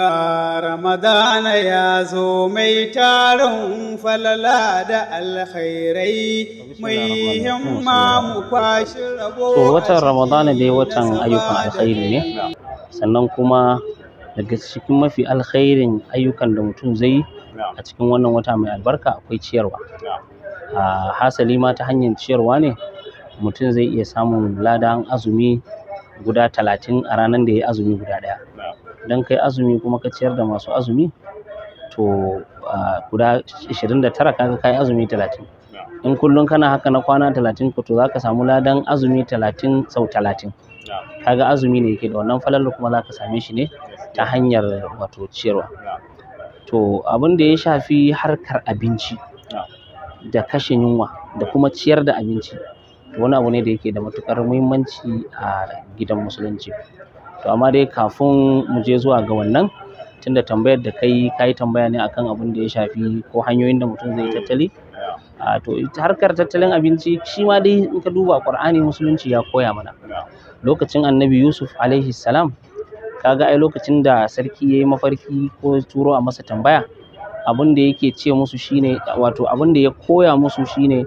Ramadana ya zo mai taron falala da alkhairai mai himma mu kwashi rabo. To watan Ramadana dai watan ayyukan alkhairi ne, sannan kuma daga cikin mafi alkhairin ayyukan da mutum zai yi a cikin wannan wata mai albarka akwai ciyarwa. A hasali ma ta hanyar ciyarwa ne mutum zai iya samun ladan azumi guda talatin a ranar da ya azumi guda ɗaya. idan kai azumi kuma ka ciyar da masu azumi to guda 29 kaga kai azumi talatin in kullum kana haka na kwana talatin ko to zaka samu ladan azumi talatin sau talatin kaga azumi ne yake da wannan falal kuma zaka same shi ne ta hanyar wato ciyarwa to abin da ya shafi harkar abinci da kashe yunwa da kuma ciyar da abinci wani abu ne da yake da matukar muhimmanci a gidan musulunci to amma dai kafin mu je zuwa ga wannan tunda tambayar da kai kayi tambaya ne akan abin da ya shafi ko hanyoyin da mutum zai tattali a to harkar tattalin abinci shi ma dai in ka duba qur'ani musulunci ya koya mana lokacin annabi yusuf alaihi salam kaga ai lokacin da sarki yayi mafarki ko turo a masa tambaya abin da yake ce musu shine wato abin da ya koya musu shine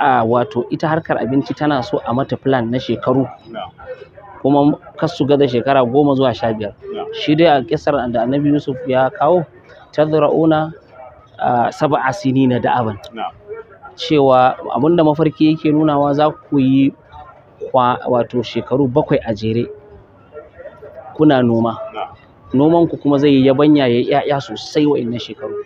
a wato ita harkar abinci tana so a mata plan na shekaru kuma kar su gada shekara goma zuwa sha biyar shi dai a kisar da annabi yusuf ya kawo tazra'una sab'a na da'aban cewa abinda mafarki yake nunawa za ku yi wato shekaru bakwai a jere kuna noma noman ku kuma zai yi yabanya ya ya'ya sosai wa innan shekaru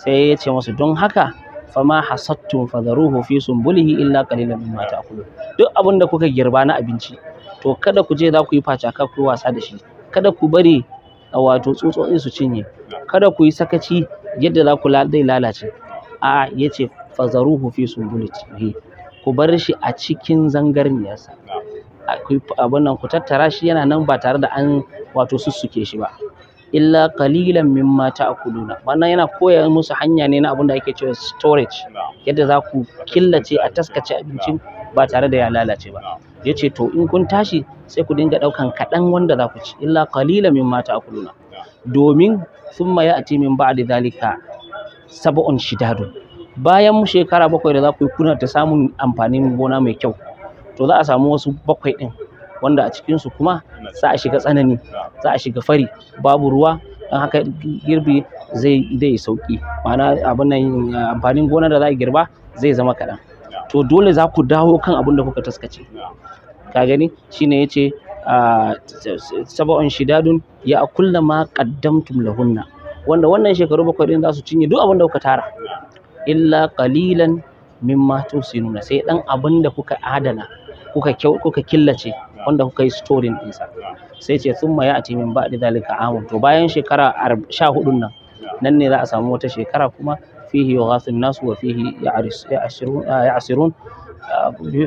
sai ya ce masu don haka fama hasattun fadaruhu fi sumbulihi illa qalilan mimma ta'kulun duk abinda kuka girba na abinci to kada ku je za ku yi facaka ku yi wasa da shi kada ku bari a wato tsutsotsin su cinye kada ku yi sakaci yadda za ku zai lalace a ya ce fazaruhu fi sunbulatihi ku bar shi a cikin zangarniyarsa abin nan ku tattara shi yana nan ba tare da an wato sussuke shi ba illa qalilan mimma ta'kuluna wannan yana koya musu hanya ne na abin da ake cewa storage yadda za ku killace a taskace abincin ba tare da ya lalace ba ya ce to in kun tashi sai ku dinga ɗaukan kaɗan wanda za ku ci illa qalila min mata akuluna domin thumma ya'ti min ba'di dhalika sab'un shidadun bayan mu shekara bakwai da za ku yi kuna ta samun amfanin gona mai kyau to za a samu wasu bakwai ɗin wanda a cikinsu kuma za a shiga tsanani za a shiga fari babu ruwa don haka girbi zai yi sauki ma'ana abin nan amfanin gona da za a girba zai zama kaɗan to dole za ku dawo kan abin da kuka taskace ka gani shine yace ah, sab'un shidadun ya akulla ma qaddamtum lahunna wanda wannan shekaru bakwai din za su cinye duk abin da kuka tara illa qalilan mimma nuna, sai dan abin da kuka adana kuka kyau kuka killace wanda kuka yi storing ɗinsa sai ce thumma ya'ti min ba'di zalika amun to bayan shekara 14 nan nan ne za a samu wata shekara kuma فيه يغاث الناس وفيه يعصرون يعصرون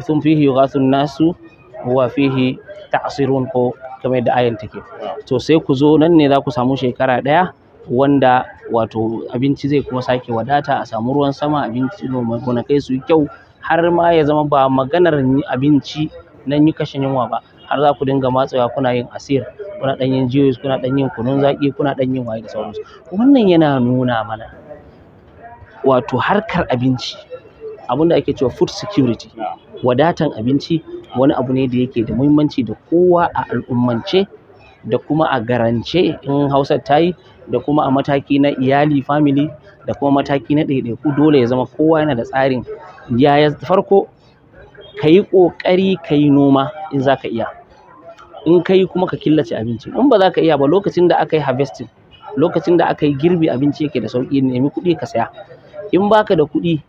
ثم فيه يغاث الناس وفيه ta'sirun ko kamar da ayan take to sai ku zo nan ne za ku samu shekara ɗaya wanda wato abinci zai kuma sake wadata a samu ruwan sama abinci gonakai su kyau har ma ya zama ba maganar abinci nan yi kashin yunwa ba har za ku dinga matsewa kuna yin asir kuna ɗan yin kuna ɗan yin kunun zaƙi kuna ɗan yin waye da sauransu wannan yana nuna mana wato harkar abinci abinda ake cewa food security wadatan abinci wani abu ne da yake da muhimmanci da kowa a al'ummance da kuma a garance in Hausa ta yi da kuma a mataki na iyali family da kuma mataki na ɗaiɗaiku dole ya zama kowa yana da tsarin yaya farko ka yi ƙoƙari ka yi noma in za ka iya in ka yi kuma ka killace abinci in ba za ka iya ba lokacin da aka yi harvesting lokacin da aka yi girbi abinci yake da sauƙi nemi kuɗi ka saya in baka da kuɗi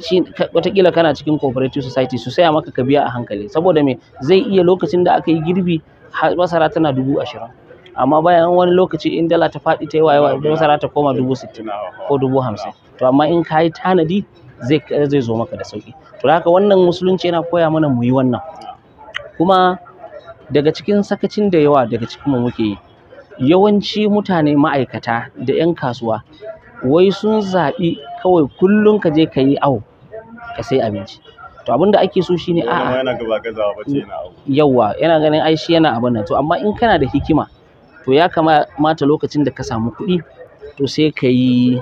shi watakila kana cikin cooperative society su saya maka ka biya a hankali saboda me zai iya lokacin da aka yi girbi masara tana dubu ashirin amma bayan wani lokaci in dala ta faɗi ta yi wayewa masara ta koma dubu sittin ko dubu hamsin to amma in ka yi tanadi zai zai zo maka da sauki to haka wannan musulunci yana koya mana mu yi wannan kuma daga cikin sakacin da yawa daga cikin mu muke yi yawanci mutane ma'aikata da 'yan kasuwa wai sun zaɓi kawai kullum ka je ka yi awo ka sai abinci to abin da ake so shi ne a'a yana yana ganin ai shi yana abin nan to amma in kana da hikima to ya kamata lokacin da ka samu kuɗi to sai ka yi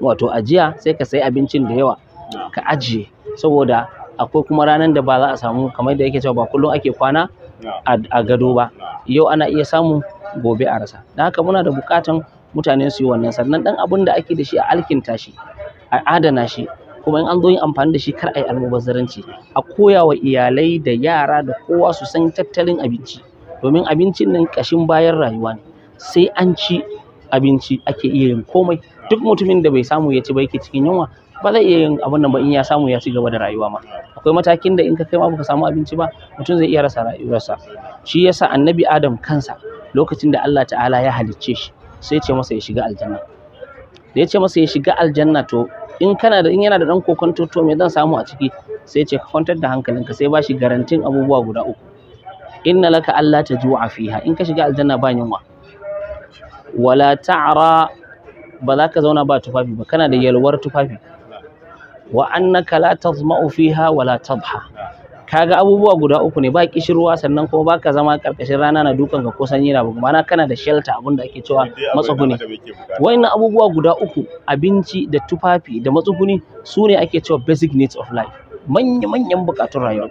wato ajiya sai ka sayi abincin da yawa ka ajiye saboda akwai kuma ranar da ba za a samu kamar da yake cewa ba kullum ake kwana a gado ba yau ana iya samu gobe a rasa da haka muna da bukatan mutane su yi wannan sannan ɗan abun da ake da shi a alkinta shi a adana shi kuma in an zo yin amfani da shi kar a yi almubazzaranci a koya wa iyalai da yara da kowa su san tattalin abinci domin abincin nan ƙashin bayan rayuwa ne sai an ci abinci ake iya yin komai duk mutumin da bai samu ya ci ba yake cikin yunwa ba zai iya yin abin nan ba in ya samu ya ci gaba da rayuwa ma akwai matakin da in ka kai ma baka samu abinci ba mutum zai iya rasa rayuwarsa shi yasa annabi adam kansa lokacin da Allah ta'ala ya halicce shi sai ya ce masa ya shiga aljanna da ya ce masa ya shiga aljanna to in kana da in yana da dan kokonto to me zan samu a ciki sai ce ka kwantar da hankalinka sai ba shi garantin abubuwa guda uku inna laka alla tajua fiha in ka shiga aljanna ba yunwa wala ta'ra ba za ka zauna ba tufafi ba kana da yalwar tufafi wa annaka la tazma'u fiha wala tadha Ka ga abubuwa guda uku ne ba kishirwa sannan kuma ba ka zama karkashin rana na dukan ka ko sanyi na bugu mana kana da shelter abin da ake cewa matsuguni wayan abubuwa guda uku abinci da tufafi da matsuguni su ne ake cewa basic needs of life manya manyan bukatun rayuwa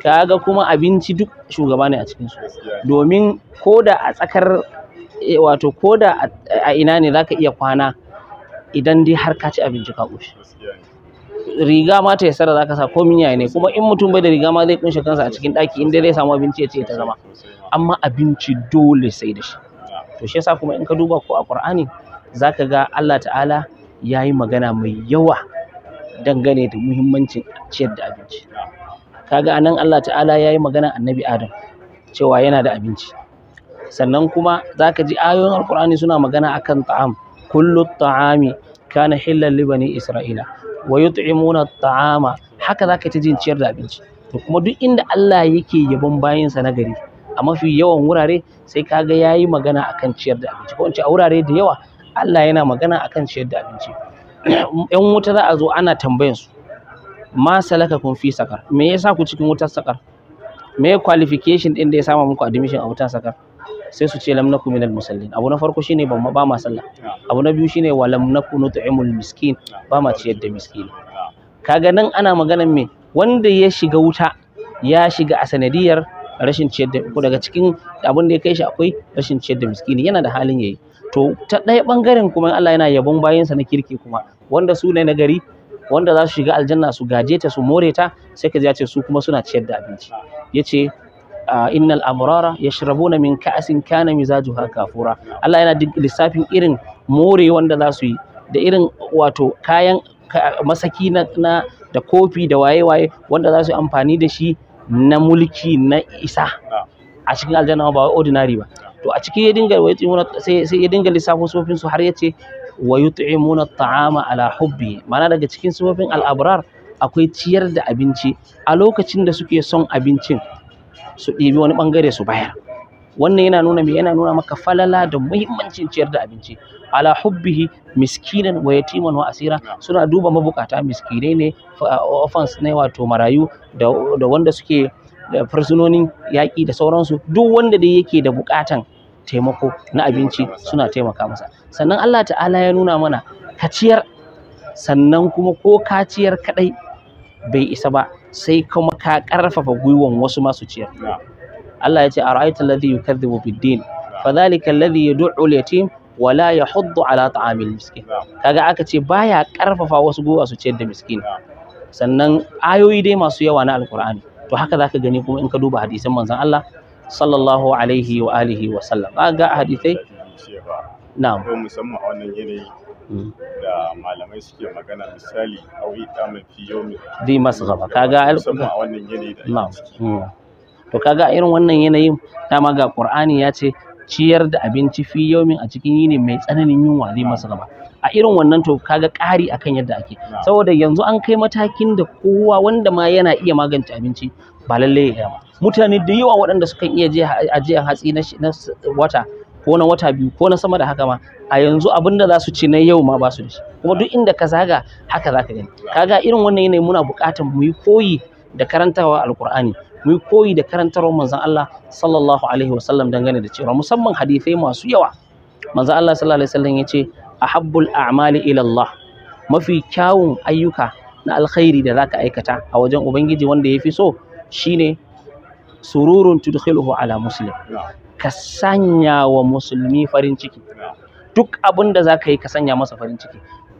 kaga kuma abinci duk shugaba ne a cikin su domin koda a tsakar e, wato koda a ina ne zaka iya kwana idan dai har ka ci abinci ka kushi riga ma ta yasara zaka sa ko miya ne kuma in mutum bai da riga ma zai kunshe kansa a cikin daki inda zai samu abinci ya ce ta zama amma abinci dole sai da shi to shi yasa kuma in ka duba ko a Qur'ani zaka ga Allah ta'ala yayi magana mai yawa dangane da muhimmancin ciyar da abinci kaga anan Allah ta'ala yayi magana annabi Adam cewa yana da abinci sannan kuma zaka ji ayoyin Alƙur'ani suna magana akan ta'am kullu ta'ami kana hillan li bani isra'ila wa yut'imuna ta'ama haka zaka ta jin ciyar da abinci to kuma duk inda Allah yake yabon sa na gari a mafi yawan wurare sai kaga yayi magana akan ciyar da abinci ko in a wurare da yawa Allah yana magana akan ciyar da abinci yan wuta za a zo ana tambayan su ma salaka kun fi sakar me yasa ku cikin wutar sakar me qualification din da ya sama muku admission a wutar sakar sai su ce lamnaku minal musallin abu na farko shine ba ba ma sallah abu na biyu shine wa nut'imul miskin ba ma ciyar da miskin. kaga nan ana maganan me wanda ya shiga wuta ya shiga a sanadiyar rashin ciyar da ko daga cikin abin da ya kai shi akwai rashin ciyar da miskin. yana da halin yayi to ta ɗaya bangaren kuma Allah yana yabon sa na kirki kuma wanda su ne na gari wanda za su shiga aljanna su gaje ta su more ta sai ka ji ya ce su kuma suna ciyar da abinci yace innal amrara yashrabuna min ka'asin kana haka kafura Allah yana lissafin irin more wanda za su yi da irin wato kayan masaki na, da kofi da waye-waye wanda za su yi amfani da shi na mulki na isa a cikin aljanna ba wai ordinary ba to a cikin ya dinga sai ya dinga lissafin su har ya ce wa yut'imuna at'ama ala hubbi mana daga cikin sufin al-abrar akwai ciyar da abinci a lokacin da suke son abincin su ɗibi wani ɓangare su bayar wannan yana nuna mai yana nuna maka falala da muhimmancin ciyar da abinci ala hubbihi miskinan wa yatiman wa asira suna duba mabukata miskinai ne ofans ne wato marayu da wanda suke da yaƙi da sauransu duk wanda dai yake da buƙatan taimako na abinci suna taimaka masa sannan Allah ta'ala ya nuna mana kaciyar, sannan kuma ko kaciyar ciyar kadai bai isa ba sai kuma ka karfafa gwiwan wasu masu ciyar Allah ya ce ara'aita alladhi yukadhibu bid-din fadhalika alladhi yad'u al-yatim wa la yahuddu ala ta'amil miskin kaga aka ce baya karfafa wasu gwiwa su ciyar da miskin sannan ayoyi dai masu yawa na alqur'ani to haka zaka gani kuma in ka duba hadisan manzon Allah sallallahu alaihi wa alihi wa sallam kaga hadisai na'am musamman a wannan yanayi da malamai suke magana misali awi kamar fi yomi di masghafa kaga musamman a wannan yanayi da mm. to kaga irin wannan yanayin dama ga qur'ani ya ce ciyar da abinci fi a cikin yini mai tsananin yunwa zai masa gaba a irin wannan to kaga ƙari akan yadda ake saboda yanzu an kai matakin da kowa wanda ma yana iya magance abinci ba lalle ya ba mutane da yawa waɗanda sukan iya ajiyar hatsi na wata ko na wata biyu ko na sama da haka ma a yanzu abin da za su ci na yau ma ba su da shi kuma duk inda ka zaga haka za ka gani kaga irin wannan yanayi muna buƙatar mu yi koyi da karantawa Alƙur'ani, mu yi koyi da karantarwar manzon Allah sallallahu alaihi wasallam dangane da cewa musamman hadisai masu yawa manzon Allah sallallahu alaihi wasallam yace ahabbul a'mali ila Allah mafi kyawun ayyuka na alkhairi da zaka aikata a wajen ubangiji wanda yafi so shine sururun tudkhiluhu ala muslim ka sanya wa musulmi farin ciki duk abin da za ka yi ka sanya masa farin ciki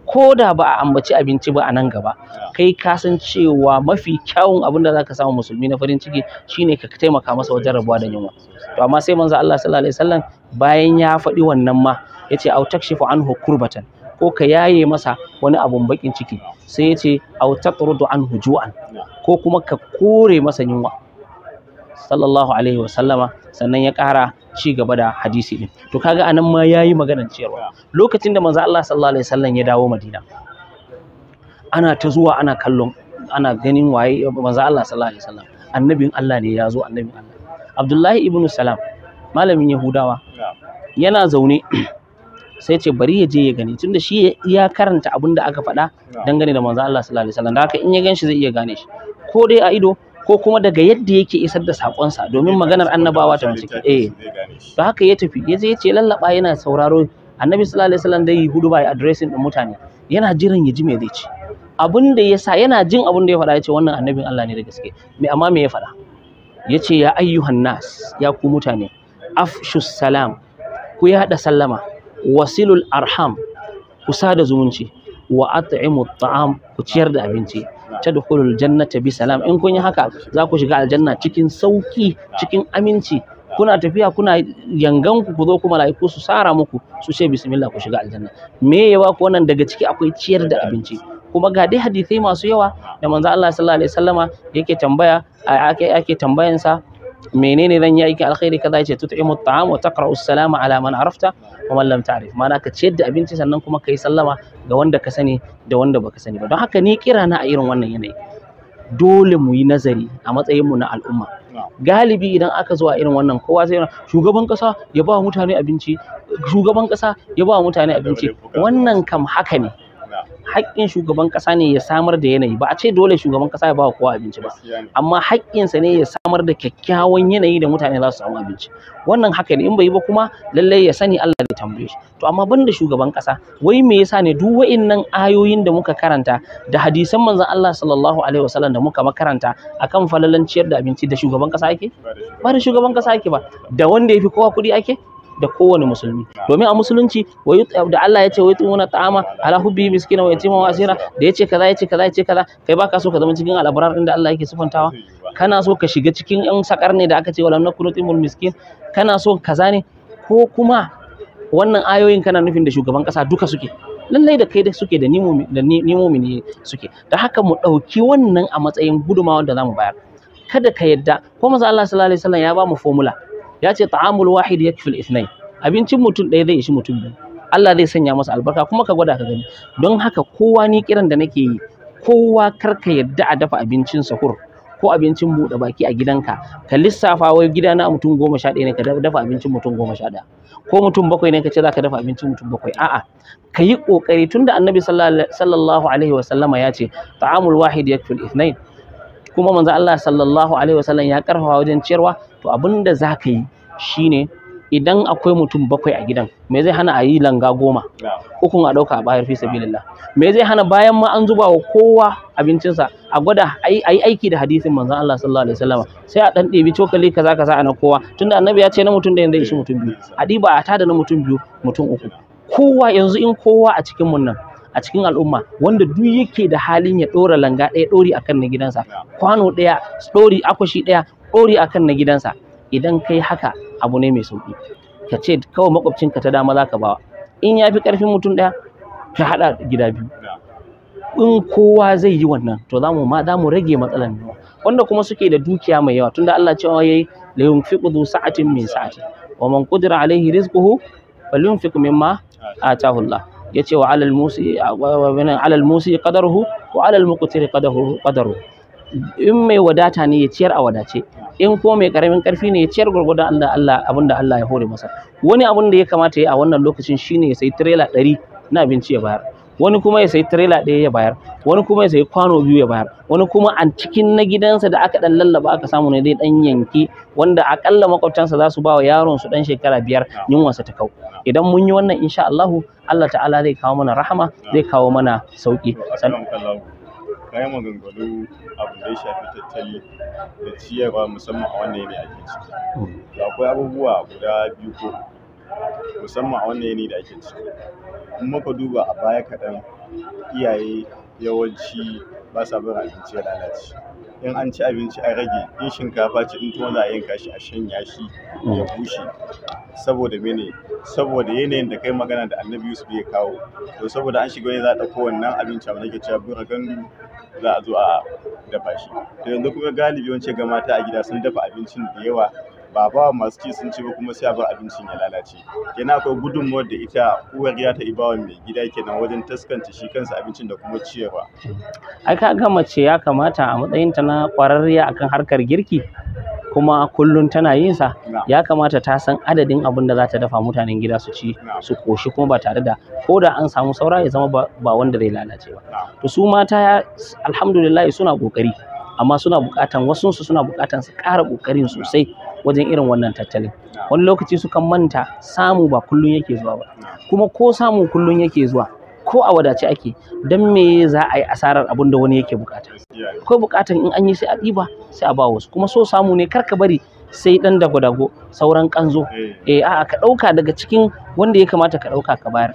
ko da ba a ambaci abinci ba a nan gaba kai ka san cewa mafi kyawun abin da za ka samu musulmi na farin ciki shine ka taimaka masa wajen rabuwa da yunwa to amma sai manzo Allah sallallahu alaihi wasallam bayan ya faɗi wannan ma yace au takshifu anhu kurbatan ko ka yaye masa wani abun bakin ciki sai yace au taqrudu anhu ju'an ko kuma ka kore masa yunwa sallallahu alaihi wasallama sannan ya ƙara ci gaba da hadisi din to kaga anan ma yayi maganar cewa lokacin da manzo Allah sallallahu alaihi wasallam ya dawo Madina ana ta zuwa ana kallon ana ganin waye manzo Allah sallallahu alaihi wasallam annabin Allah ne ya zo annabin Allah Abdullahi ibn Salam malamin Yahudawa yana zaune sai ce bari ya je ya gani tunda shi ya karanta abin da aka faɗa dangane da manzo Allah sallallahu alaihi wasallam da haka in ya ganshi zai iya gane shi ko dai a ido ko kuma daga yadda yake isar da saƙonsa domin maganar annabawa ta ciki eh to haka ya tafi ya je ya ce lallaba yana sauraro annabi sallallahu alaihi wasallam dai hudu bai addressing din mutane yana jiran ya ji me zai ce Abinda ya sa yana jin abun da ya faɗa ya ce wannan annabin Allah ne da gaske me amma me ya faɗa ya ce ya ayyuhan nas ya ku mutane afshu salam ku yaɗa sallama wasilul arham ku da zumunci wa at'imu ta'am ku ciyar da abinci tadkhulul jannata bi salam in kun yi haka za ku shiga aljanna cikin sauki cikin aminci kuna tafiya kuna yangan ku zo ku mala'iku su sara muku su ce bismillah ku shiga aljanna me ya ba ku wannan daga ciki akwai ciyar da abinci kuma ga dai hadisi masu yawa da manzo Allah sallallahu alaihi wasallama yake tambaya ake ake tambayansa menene zan yi aikin alkhairi kaza yace tut'imu at'am wa taqra'u salama ala man arafta wa man lam ta'rif ma'ana ka ciyar da abinci sannan kuma kai sallama ga wanda ka sani da wanda baka sani ba don haka ni kira na a irin wannan yanayi dole mu yi nazari a matsayin mu na al'umma galibi idan aka zo a irin wannan kowa sai shugaban kasa ya ba mutane abinci shugaban kasa ya ba mutane abinci wannan kam haka ne haƙƙin shugaban ƙasa ne ya samar da yanayi ba a ce dole shugaban ƙasa ya ba kowa abinci ba amma haƙƙinsa ne ya samar da kyakkyawan yanayi da mutane za su samu abinci wannan haka ne in bai ba kuma lallai ya sani Allah zai tambaye shi to amma banda shugaban ƙasa wai me yasa ne duk wa'innan ayoyin da muka karanta da hadisan manzon Allah sallallahu alaihi wasallam da muka makaranta akan falalanciyar da abinci da shugaban ƙasa ake ba da shugaban ƙasa ake ba da wanda ya fi kowa kuɗi ake da kowane musulmi domin a musulunci da Allah ya ce wa yutimuna ta'ama ala hubbi miskina wa yatima wa asira da yace kaza yace kaza yace kaza kai baka so ka zama cikin al'abrar inda Allah yake sifantawa kana so ka shiga cikin yan sakar ne da aka ce walam nakunu miskin kana so kaza ne ko kuma wannan ayoyin kana nufin da shugaban kasa duka suke lallai da kai da suke da ni mumini suke da haka mu ɗauki wannan a matsayin gudumawa da zamu bayar kada ka yadda ko masa Allah sallallahu alaihi wasallam ya ba mu formula ya ce ta'amul wahid yakfi al-ithnain abincin mutum ɗaya zai ishi mutum biyu Allah zai sanya masa albarka kuma ka gwada ka gani don haka kowa ni kiran da nake yi kowa kar ka yadda a dafa abincin sahur ko abincin buɗe baki a gidanka ka lissafa wai gida na mutum goma sha ɗaya ne ka dafa abincin mutum goma sha ɗaya ko mutum bakwai ne ka ce za ka dafa abincin mutum bakwai a'a ka yi ƙoƙari tunda annabi sallallahu alaihi wa sallama ya ce ta'amul wahid al ithnain kuma manzo Allah sallallahu alaihi wa sallam ya karfafa wajen ciyarwa to abin da za ka yi ne idan akwai mutum bakwai a gidan me zai hana a yi langa goma ukun a ɗauka a bayar fi sabilillah me zai hana bayan ma an zuba wa kowa abincinsa a gwada a yi aiki da hadisin manzon Allah sallallahu alaihi wasallam sai a dan ɗebi cokali kaza kaza a na kowa tunda annabi ya ce na mutum ɗaya zai ishi mutum biyu a ɗiba a tada na mutum biyu mutum uku kowa yanzu in kowa a cikin mun nan a cikin al'umma wanda duk yake da halin ya ɗora langa ɗaya ɗori a kan na gidansa kwano ɗaya ɗori akwashi ɗaya a kan na gidansa idan kai haka abu ne mai sauƙi ka ce kawai makwabcinka ta dama za ka bawa in ya fi ƙarfin mutum ɗaya ka haɗa gida biyu in kowa zai yi wannan to za mu ma za mu rage matsalar nawa wanda kuma suke da dukiya mai yawa tunda Allah cewa yayi la yunfiqu dhu sa'atin min sa'ati wa man qudira alaihi rizquhu falyunfiq mimma atahu Allah yace wa alal musi wa alal musi qadaruhu wa alal muqtir qadaruhu qadaruhu in mai wadata ne ya ciyar a wadace in ko mai karamin karfi ne ya ciyar gwargwadon da Allah abinda Allah ya hore masa wani abun da ya kamata ya a wannan lokacin shine ya sayi tirela ɗari na abinci ya bayar wani kuma ya sayi tirela ɗaya ya bayar wani kuma ya sayi kwano biyu ya bayar wani kuma a cikin na gidansa da aka dan lallaba aka samu ne zai dan yanki wanda akalla makwabtansa za su ba wa yaron su dan shekara biyar yunwarsa ta kau idan mun yi wannan insha Allah Allah ta'ala zai kawo mana rahama zai kawo mana sauki Kayan maganganu abu da ya shafi tattali da ciyarwa musamman a wannan yanayi ake ciki to akwai abubuwa guda biyu ko musamman a wannan yanayi da ake ciki in muka duba a baya kaɗan iyaye yawanci ba sa bin abinci ya lalace in an ci abinci a rage in shinkafa ce in tuwo za a yanka shi a shanya shi ya bushe saboda mene saboda yanayin da kai magana da annabi yusuf ya kawo to saboda an shiga wani za a ɗauko wannan abinci abu nake cewa bura gandu za a zo a dafa shi to yanzu kuma galibi wance ga mata a gida sun dafa abincin da yawa ba masu ci sun ci ba kuma sai a bar abincin ya lalace yana akwai gudunmuwar da ita uwar ya ta ibawa mai gida kenan wajen taskanta shi kansa abincin da kuma ciyarwa ai ka ga mace ya kamata a ta na kwararriya akan harkar girki kuma kullum tana yin sa ya kamata ta san adadin abin da za ta dafa mutanen gida su ci su koshi kuma ba tare da ko da an samu saura ya zama ba wanda zai lalace ba to su mata alhamdulillah suna kokari amma suna bukatan wasu suna bukatan su ƙara kokarin sosai wajen irin wannan tattalin wani lokaci sukan manta samu ba kullun yake zuwa ba kuma ko samu kullun yake zuwa ko a wadace ake don me za a yi asarar abin da wani yake bukata akwai bukatan in an yi sai a ɗiba sai a ba wasu kuma so samu ne karka bari sai dan dago dago sauran kanzo eh. eh a'a ka ɗauka daga cikin wanda ya kamata ka ɗauka ka bayar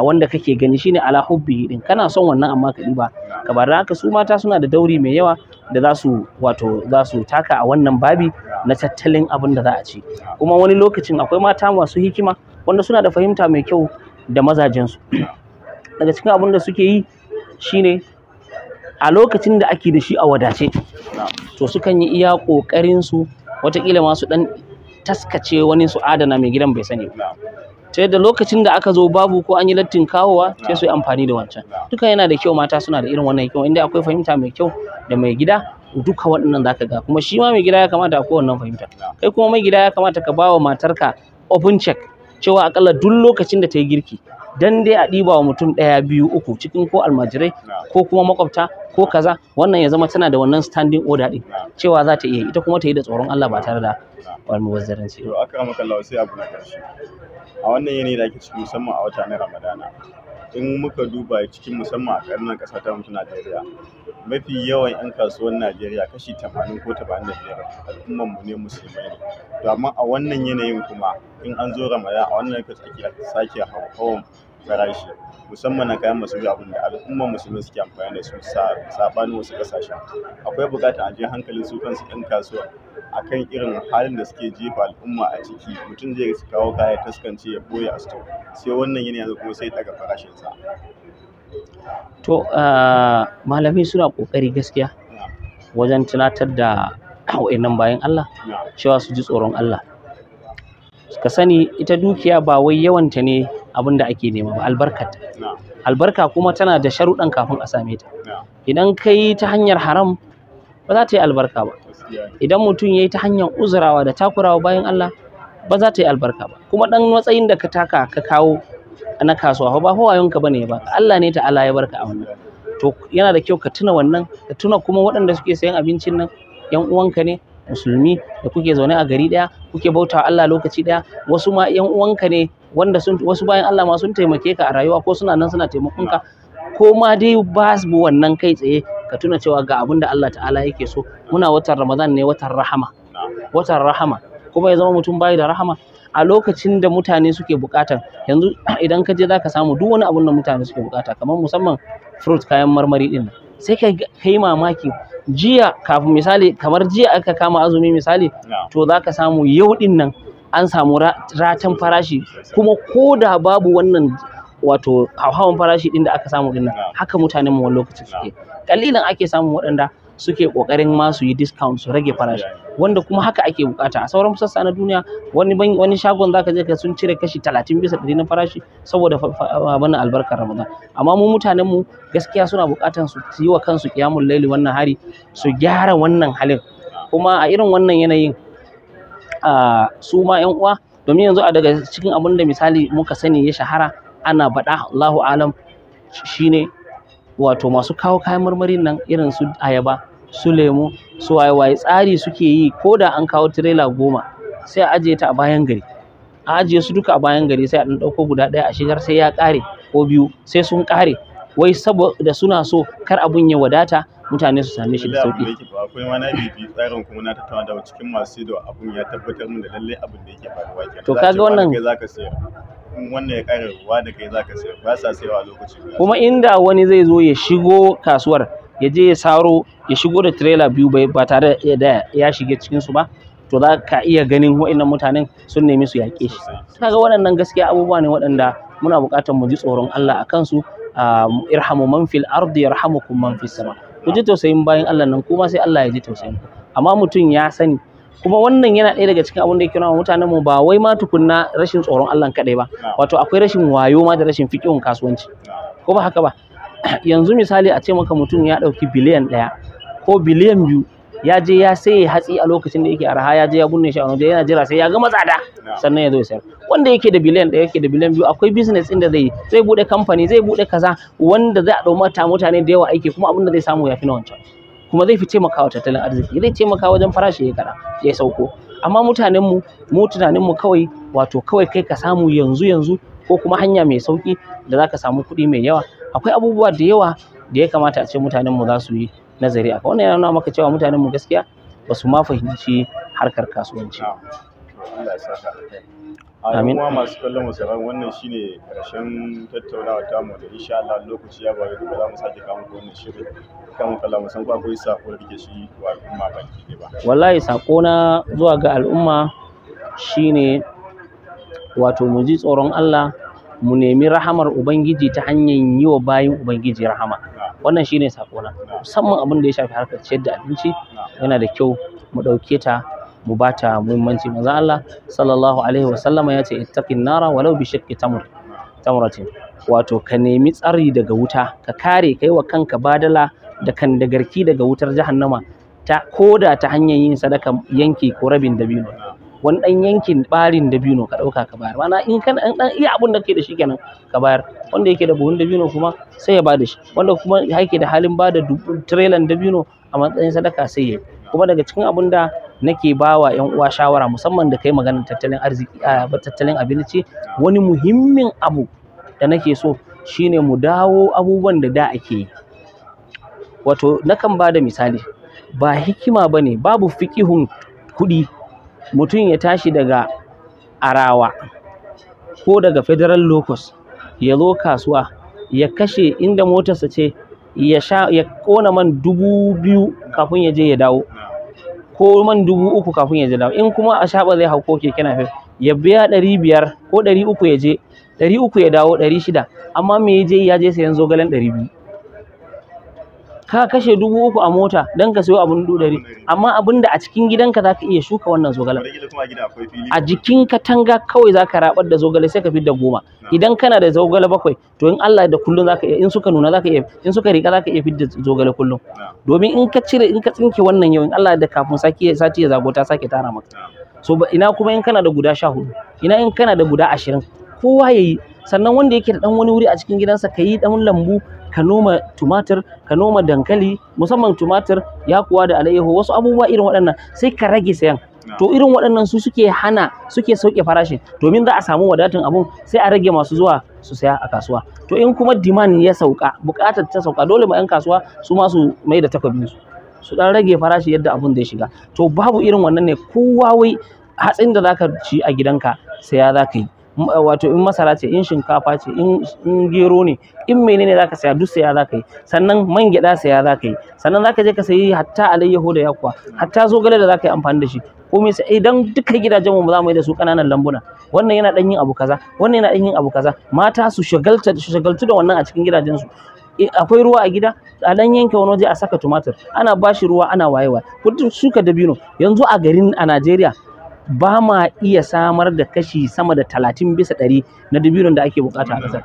wanda kake gani shine ala hubbi din kana son wannan amma ka ba. ka bar haka su mata suna da dauri mai yawa da za su wato za su taka a wannan babi na tattalin abin da za a ci kuma wani lokacin akwai mata masu hikima wanda suna da fahimta mai kyau da mazajensu daga cikin abin da suke yi shine a lokacin da ake da shi a wadace to sukan yi iya su watakila ma su ɗan taskace wani su adana mai gidan bai sani ba. Sai da lokacin da aka zo babu ko an yi lattin kawowa sai su yi amfani da wancan duka yana da kyau mata suna da irin wannan kyau inda akwai fahimta mai kyau da mai gida duka waɗannan zaka ga kuma shi ma mai gida ya kamata akwai wannan fahimta kai kuma mai gida ya kamata ka bawa matarka open check cewa akalla duk lokacin da ta yi girki dan dai a ɗiba wa mutum ɗaya biyu uku cikin ko almajirai ko kuma makwabta ko kaza wannan ya zama tana da wannan standing order din cewa za ta iya ita kuma ta yi da tsoron Allah ba tare da wani mubazzaranci to aka maka Allah sai abu na karshe a wannan yanayi da ake ciki musamman a wata na Ramadana in muka duba cikin musamman a ƙarnin kasa ta mutu Najeriya mafi yawan 'yan kasuwan Najeriya kashi 80 ko 85 al'umman mu ne musulmai ne to amma a wannan yanayin kuma in an zo Ramadan a wannan lokaci ake sake hawa farashi musamman na kayan masarufi abin da al'umman musulmi suke amfani da su saɓanin wasu ƙasashe akwai buƙatar a je hankalin su kansu ɗan kasuwa kan irin halin da suke jefa al'umma a ciki mutum zai kawo kaya taskance ya ɓoye a sai wannan yanayi yanzu kuma sai daga farashinsa to ah, malamai suna ƙoƙari gaskiya wajen tunatar da wa'innan bayan Allah cewa su ji tsoron Allah ka sani ita dukiya ba wai yawanta ne abin da ake nema ba albarkata albarka kuma tana da sharuɗan kafin a same ta idan ka ta hanyar haram ba za ta yi albarka ba idan mutum ya yi ta hanyar uzurawa da takurawa bayan Allah ba za ta yi albarka ba kuma ɗan matsayin da ka taka ka kawo na kasuwa ba hawayonka ka ne ba Allah ne ta'ala ya barka a wannan to yana da kyau ka tuna wannan ka tuna kuma waɗanda suke sayan abincin nan yan uwanka ne musulmi da kuke zaune a gari daya kuke bautawa Allah lokaci daya wasu ma ƴan uwanka ne wanda sun wasu bayan Allah ma sun taimake ka a rayuwa ko suna nan suna taimakon ka ko ma dai ba wannan kai tsaye ka tuna cewa ga abin da Allah ta'ala yake so muna watan Ramadan ne watan rahama watan rahama kuma ya zama mutum bai da rahama a lokacin da mutane suke bukata yanzu idan ka je za ka samu duk wani abin da mutane suke bukata kamar musamman fruit kayan marmari din sai ka yi mamaki jiya kafin misali kamar jiya aka kama azumi misali to za ka samu yau din nan an samu ratan farashi kuma ko da babu wannan wato hauhawan farashi din da aka samu din nan haka mutanen mu wani lokaci suke kalilan ake samun waɗanda suke ƙoƙarin ma su yi discount su rage farashi wanda kuma haka ake bukata a sauran sassa na duniya wani wani shagon zaka je ka sun cire kashi 30 bisa 100 na farashi saboda wannan albarkar Ramadan amma mu mutanen mu gaskiya suna bukatan su yi wa kansu kiyamul laili wannan hari su gyara wannan halin kuma a irin wannan yanayin a su ma yan uwa domin yanzu a daga cikin abin da misali muka sani ya shahara ana baɗa Allahu alam shine wato masu kawo kayan marmarin nan irin su ayaba su lemu su waye tsari suke yi ko da an kawo tirela goma sai a ajiye ta a bayan gari a ajiye su duka a bayan gari sai a ɗan ɗauko guda ɗaya a shigar sai ya ƙare ko biyu sai sun ƙare wai saboda suna so kar abun ya wadata mutane su same shi da sauki. Akwai ma na bibi tsarin kuma na tattauna da cikin masu da abun ya tabbatar min da lalle abin da yake faruwa kenan. To kaga wannan zaka sayar. Wannan ya ƙara ruwa da kai zaka sayar ba sa sayawa lokaci. Kuma inda wani zai zo ya shigo kasuwar ya je ya saro ya shigo da trailer biyu ba tare da ya shige cikin su ba to za ka iya ganin waɗannan mutanen sun nemi su yaƙe shi kaga waɗannan gaskiya abubuwa ne waɗanda muna buƙatar mu ji tsoron Allah a kansu irhamu man fil ardi yarhamukum man fis sama ku ji tausayin bayan Allah nan kuma sai Allah ya ji tausayin ku amma mutum ya sani kuma wannan yana ɗaya daga cikin abin da yake nuna mutanen mu ba wai ma tukunna rashin tsoron Allah kaɗai ba wato akwai rashin wayo ma da rashin fiƙihun kasuwanci ko ba haka ba yanzu misali a ce maka mutum ya ɗauki biliyan ɗaya ko biliyan biyu ya je ya saye hatsi a lokacin da yake arha ya je ya bunne shi a waje yana jira sai ya gama tsada sannan ya zo ya sayar wanda yake da biliyan ɗaya yake da biliyan biyu akwai business inda da zai zai bude kamfani zai bude kaza wanda zai ɗau mata mutane da yawa aiki kuma abin da zai samu ya fi na wancan kuma zai fi taimakawa tattalin arziki zai taimaka wajen farashi ya kada ya sauko amma mutanen mu mu tunanin mu kawai wato kawai kai ka samu yanzu yanzu ko kuma hanya mai sauki da zaka samu kuɗi mai yawa akwai abubuwa da yawa da ya kamata a ce mutanen mu za su yi nazari akan wannan yana nuna maka cewa mutanen mu gaskiya ba su ma fahimci harkar kasuwanci amin kuma masu kallon mu sauraron wannan shine karshen tattaunawa ta mu da insha Allah lokaci ya bari da za mu sake kawo muku wannan shirin kan kallon mu san ko akwai sako da kike shi wa al'umma baki ne ba wallahi sako na zuwa ga al'umma shine wato mu ji tsoron Allah mu nemi rahamar ubangiji ta hanyar yi wa bayan ubangiji rahama wannan shine sakona musamman abin da ya shafi harkar ciyar da abinci yana da kyau mu ɗauke ta mu bata muhimmanci manzo Allah sallallahu alaihi wa sallama ya ce ittaqin nara walau bi shakki tamr tamratin wato ka nemi tsari daga wuta ka kare kai wa kanka badala da kan da daga wutar jahannama ta koda ta hanyar yin sadaka yanki ko rabin dabino wani ɗan yankin ɓarin dabino ka ɗauka ka bayar ma'ana in kan ɗan iya abun da kake da shi kenan ka bayar wanda yake da buhun dabino kuma sai ya bada shi wanda kuma yake da halin bada tirelan dabino a matsayin sadaka sai ya kuma daga cikin abun da nake bawa yan uwa shawara musamman da kai maganar tattalin arziki ah, a tattalin abinci wani muhimmin abu da nake so shine mu dawo abubuwan da da ake yi wato nakan bada misali ba hikima ba ne babu fikihun kuɗi mutum ya tashi daga arawa ko daga federal locus ya zo kasuwa ya kashe inda motarsa ce ya sha ya kona man dubu biyu kafin ya je ya dawo ko man dubu uku kafin ya je dawo in kuma a shaɓa zai hau ko keke fi ya biya ɗari biyar ko ɗari uku ya je ɗari uku ya dawo ɗari shida amma me ya je ya je sayan zogalen ɗari biyu ka kashe dubu uku a mota don ka sayo abin dubu ɗari amma abin da a cikin gidanka za ka iya shuka wannan zogalen a jikin katanga kawai za ka rabar da zogale sai ka fi da goma idan kana da zogale bakwai to in Allah da kullum za ka iya in suka nuna za ka iya in suka rika za ka iya fidda zogale kullum domin in ka cire in ka tsinke wannan yau in Allah da kafin sati ya zago ta sake tara maka so ina kuma in kana da guda sha hudu ina in kana da guda ashirin kowa ya yi sannan wanda yake da dan wani wuri a cikin gidansa ka yi dan lambu ka noma tumatir ka noma dankali musamman tumatir ya, kuwa da alayyahu wasu abubuwa irin waɗannan sai ka rage sayan to irin waɗannan su suke hana suke sauke farashin domin za a samu wadatun abun sai a rage masu zuwa su saya a kasuwa to in kuma diman ya sauka buƙatar ta sauka dole ma 'yan kasuwa su ma su mai da takobin su su dan rage farashi yadda abun zai shiga to babu irin wannan ne kowa wai hatsin da zaka ci a gidanka sai ya zaka yi Eh, wato in masara ce in shinkafa ce in gero ne in menene zaka saya duk saya zaka yi sannan man gyada saya zaka yi sannan zaka je ka sayi hatta alayyaho da yakwa hatta zogale da zaka yi amfani da shi komai sai idan duka gidajen mu za mu yi da su kananan lambuna wannan yana dan yin abu kaza wannan yana dan yin abu kaza mata su shagalta su shagaltu da wannan a cikin gidajen su akwai ruwa a gida a dan yanke wani waje a saka tumatir ana bashi ruwa ana wayewa ku shuka dabino yanzu a garin a Najeriya ba ma iya samar da kashi sama da talatin bisa ɗari na dubiron da ake bukata a ƙasar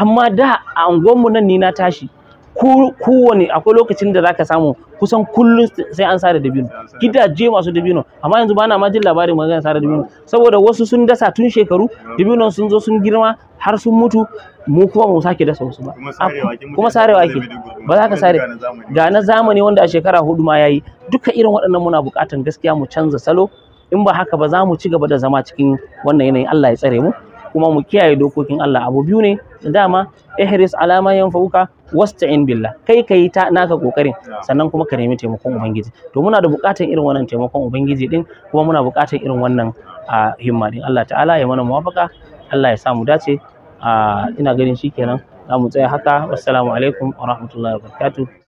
amma da a unguwanmu nan ni na tashi kowane akwai lokacin da zaka samu kusan kullum sai an sare dabino gidaje masu dabino amma yanzu bana ma jin labarin magana sare dabino saboda wasu sun dasa tun shekaru dabinon sun zo sun girma har sun mutu mu kuma mu sake dasa wasu ba kuma sarewa ake ba za ka sare ga na zamani wanda a shekara hudu ma yayi duka irin waɗannan muna buƙatan gaskiya mu canza salo in ba haka ba za mu ci gaba da zama cikin wannan yanayin Allah ya tsare mu kuma mu kiyaye dokokin Allah abu biyu ne Da dama ihris alama yanfa'uka wasta'in billah kai kai ta naka kokarin sannan kuma ka nemi taimakon ubangiji to muna da buƙatar irin wannan taimakon ubangiji din kuma muna buƙatar irin wannan himma din Allah ta'ala ya mana muwafaka Allah ya sa mu dace ina ganin shikenan za mu tsaya haka assalamu alaikum wa rahmatullahi wa barakatuh